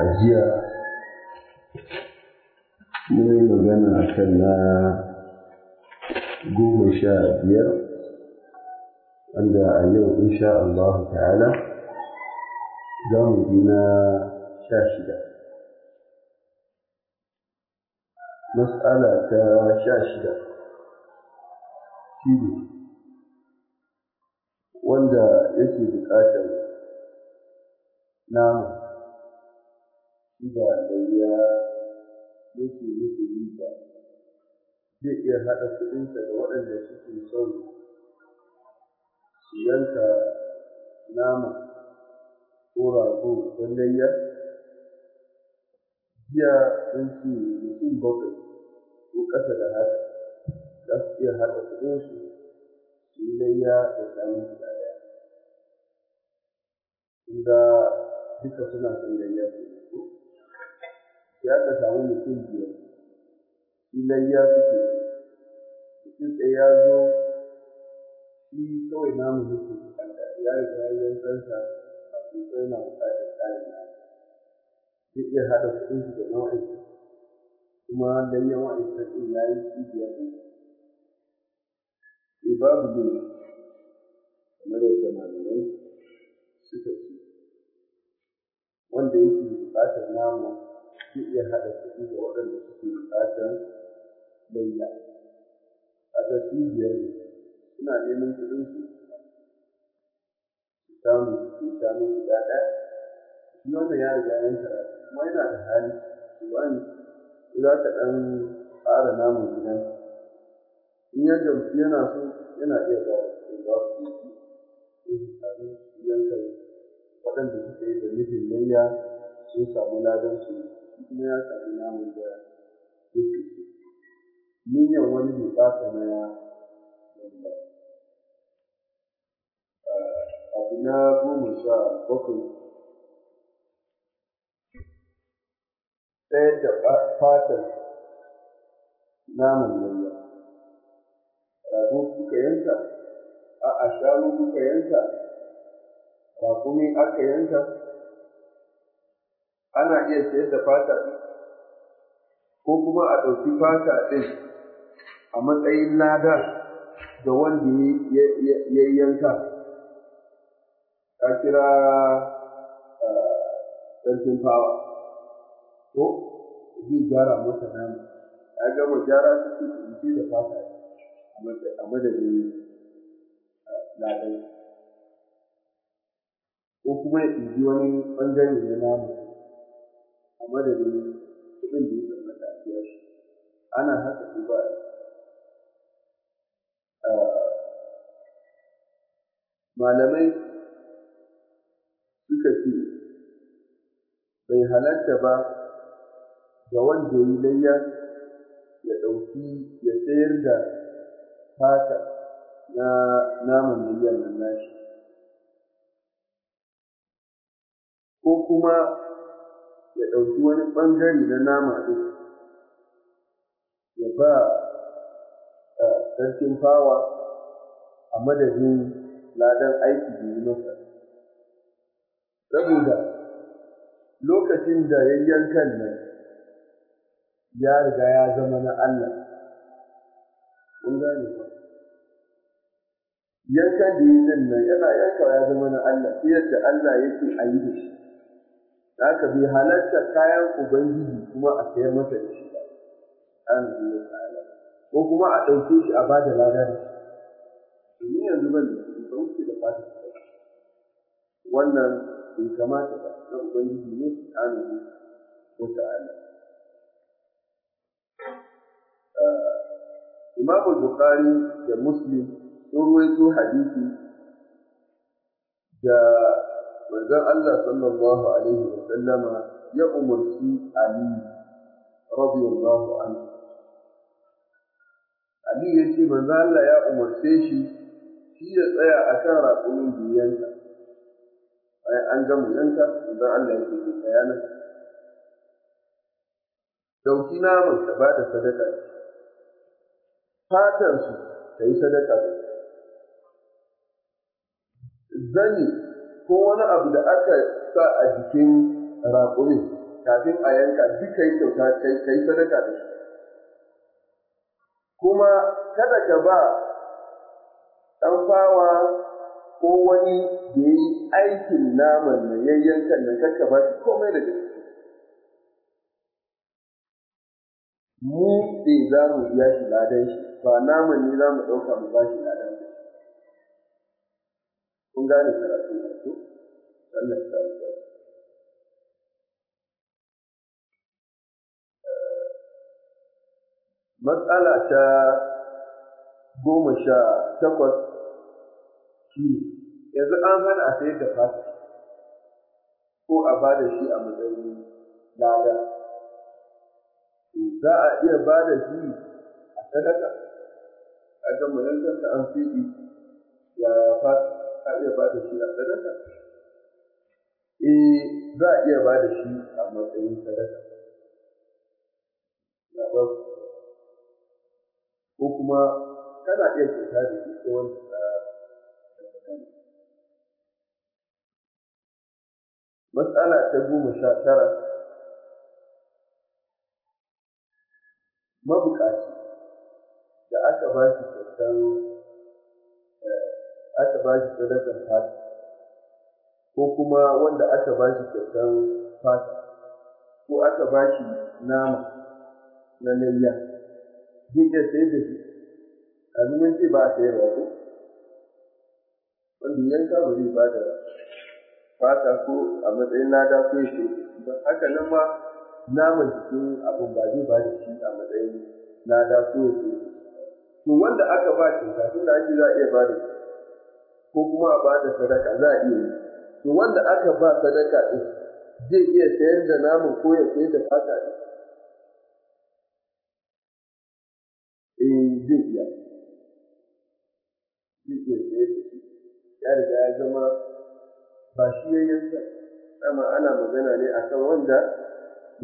a jiya mun yi magana kan na goma sha biyar wanda a yau insha Allah ta'ala za mu na sha shida mas'ala ta sha shida shi wanda yake buƙatar nama ina da ya yake nufi ba, zai iya haɗa kuɗinsa da waɗanda suke son su yanka nama ko rago don layya jiya sun ce mutum bakwai ko ƙasa da haka za su iya haɗa kuɗinsu su yi layya da sami guda ɗaya kun duka suna son layya kenan ya ka samu mutum biyar filai ya fito mutum ɗaya ya zo shi kawai namu yake ya riga ya yi kansa a kusa yana buƙatar tsarin na zai iya haɗa kuɗin shi da nau'in kuma dan yawan aikata ɗin ya yi shi biyar ne eh, babu ne kamar yadda malamai suka ce wanda yake buƙatar nama ke iya haɗa kuɗi da waɗanda suke buƙatar layya a ga su biyar ne suna neman kuɗin su su samu su ke shanu guda ɗaya shi wanda ya riga yan karatu kuma yana da hali su wani za ka ɗan ƙara namun gidan in ya gamsu yana so yana iya ba su ba su su samu su yanka waɗanda suka yi da mijin layya sun samu ladan su kuma ya samu namun da yake so niyyar wani ne ba ta na wanda abu na a a shanu kuka yanka aka yanta ana iya sayar da fata ko kuma a ɗauki fata ɗin a matsayin lada da wanda ya yanka ta kira sarkin fawa ko zai gyara masa nama ya gama gyara su su da fata a madadin ladan ko kuma ya ɗauki wani ɓangare na nama a madadin kuɗin da ya kamata a ana haka duba malamai suka ce bai halatta ba ga wanda ya yi layya ya ɗauki ya sayar da fata na naman layyan nan nashi ko kuma ya ɗauki wani ɓangare na nama ɗin ya ba sarkin fawa a madadin ladan aiki da yi masa saboda lokacin da ya yankan nan ya riga ya zama na Allah mun gane ba yankan da yi nan yana yankawa ya zama na Allah sai yadda Allah yake a yi da shi haka bi halatta kayan ubangiji kuma a sayar masa da shi an ko kuma a ɗauke shi a bada lada da shi domin yanzu ban da shi ba wuce da fata wannan bai kamata ba na ubangiji ne su ƙanu ko ta'ala ah, imam bukhari da muslim sun ruwaito hadisi da manzon Allah sallallahu alaihi wa sallama ya umarci Ali radiyallahu anhu Ali ya ce manzon Allah ya umarce shi shi ya tsaya akan raƙumin biyanka bayan an gama yanka manzon Allah ya ce tsaya nan dauki naman ka ba da sadaka fatansu su yi sadaka zani ko wani abu da aka sa a jikin raƙumi kafin a yanka duk kai kyauta kai kai sadaka da shi kuma kada ka ba ɗan fawa ko wani da ya yi aikin naman na yayyankan nan kakka ba shi komai da gaske mu ɗe eh, za mu biya shi ladan shi ba naman ne za mu ɗauka mu ba shi ladan kun gane karatu da su Allah ya samu su matsala ta goma sha takwas shi yanzu an hana a sayar da fasi ko a bada shi a matsayin lada za a iya da shi a sadaka a ga mulantanta an fiɗi ya fasi a iya ba da shi a sadaka eh za a iya ba da shi a matsayin sadaka na ba ko kuma kana iya kyauta da shi ko wanda ta matsala ta goma sha tara mabukaci da aka ba shi kyautar eh, aka ba shi sadakar fata ko kuma wanda aka ba shi kyautar fata ko aka ba shi nama na layya zai iya sai da shi a zumin ce ba a sayar ba ko wanda yanka ba zai ba da fata ko a matsayin lada ko ya ce don haka nan ma naman jikin abin ba zai ba da shi a matsayin lada ko ya ce to wanda aka ba shi kafin da ake za a iya ba da shi ko kuma a ba da sadaka za a iya yi to wanda aka ba sadaka din zai iya sayar da namun ko ya sayar da fata ne eh zai iya zai iya sayar da shi ya riga ya zama ba shi ya yanka amma ana magana ne akan wanda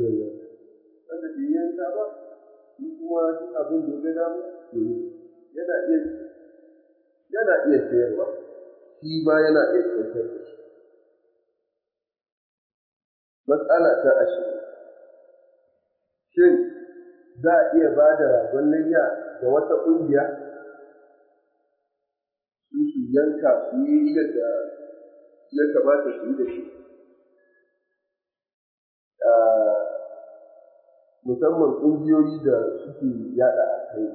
ya yanka wanda bai yanka ba shi kuma duk abin da ya ga dama yana iya yana iya sayarwa shi ma yana iya kwantar da shi matsala ta ashe. shin za a iya ba da ragon layya ga wata ƙungiya su su yanka su yi yadda ya kamata su yi da shi ah, musamman ƙungiyoyi da suke yaɗa a kai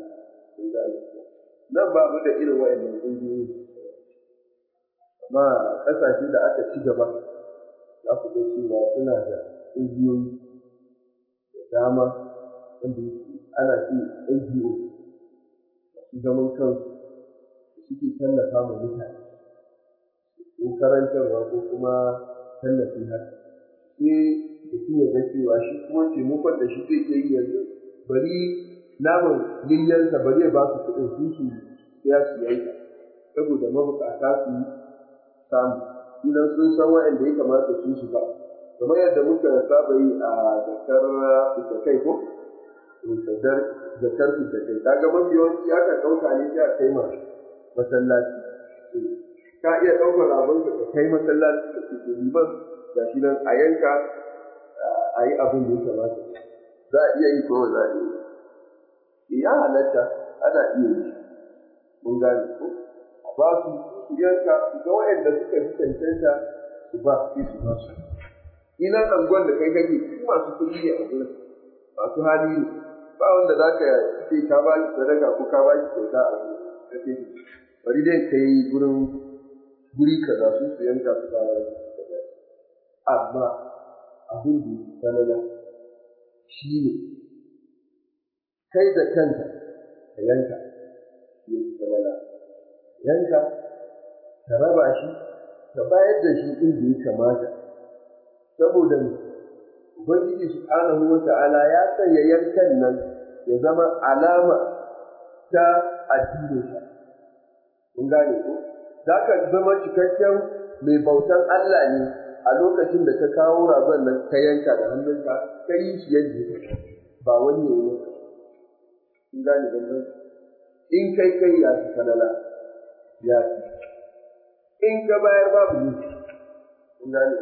nan ba da irin wa'annan ƙungiyoyi ma ƙasashe da aka ci gaba za ku ga cewa suna da ƙungiyoyi da dama wanda yake ana ce NGO masu zaman kansu da suke tallafa ma mutane ko karantarwa ko kuma tallafi haka sai mutum ya ga cewa shi kuma taimakon da shi zai iya yanzu bari naman jinyansa bari ya ba su kuɗin su su ya siya saboda mabuƙata su yi samu idan sun san da ya kamata su shiga kamar yadda muka saba yi a zakar fitakai ko zakar zakar fitakai kaga mafi yawanci ka ɗauka ne sai a kai ma masallaci ka iya ɗaukar abin da ka kai masallaci ka ke liman ga shi nan a yanka a yi abin da ya kamata za a iya yi ko za a iya yi eh, ya halatta ana iya yi mun gane ko a ba su iyanka su ga waɗanda suka fi cancanta su ba su su ba su ina anguwan da kai kake su masu kuɗi ne a masu hali ne ba wanda za ka ce ka ba shi sadaka ko ka ba shi kyauta a gurin ka ce bari dai ka yi gurin guri kaza su su yanka su ba amma abin da shi ne kai da kanka yanka yanka ka raba shi ka bayar da shi inda ya kamata saboda ubangiji subhanahu ta'ala ya sanya yankan nan ya zama alama ta addininsa kun gane ko zaka zama cikakken mai bautan Allah ne a lokacin da ka kawo ragon nan ka yanka da hannunka ka yi shi yadda ya ba wani ne kun gane bambanci in kai kai ya fi falala ya fi in ka bayar babu ne. Kun gane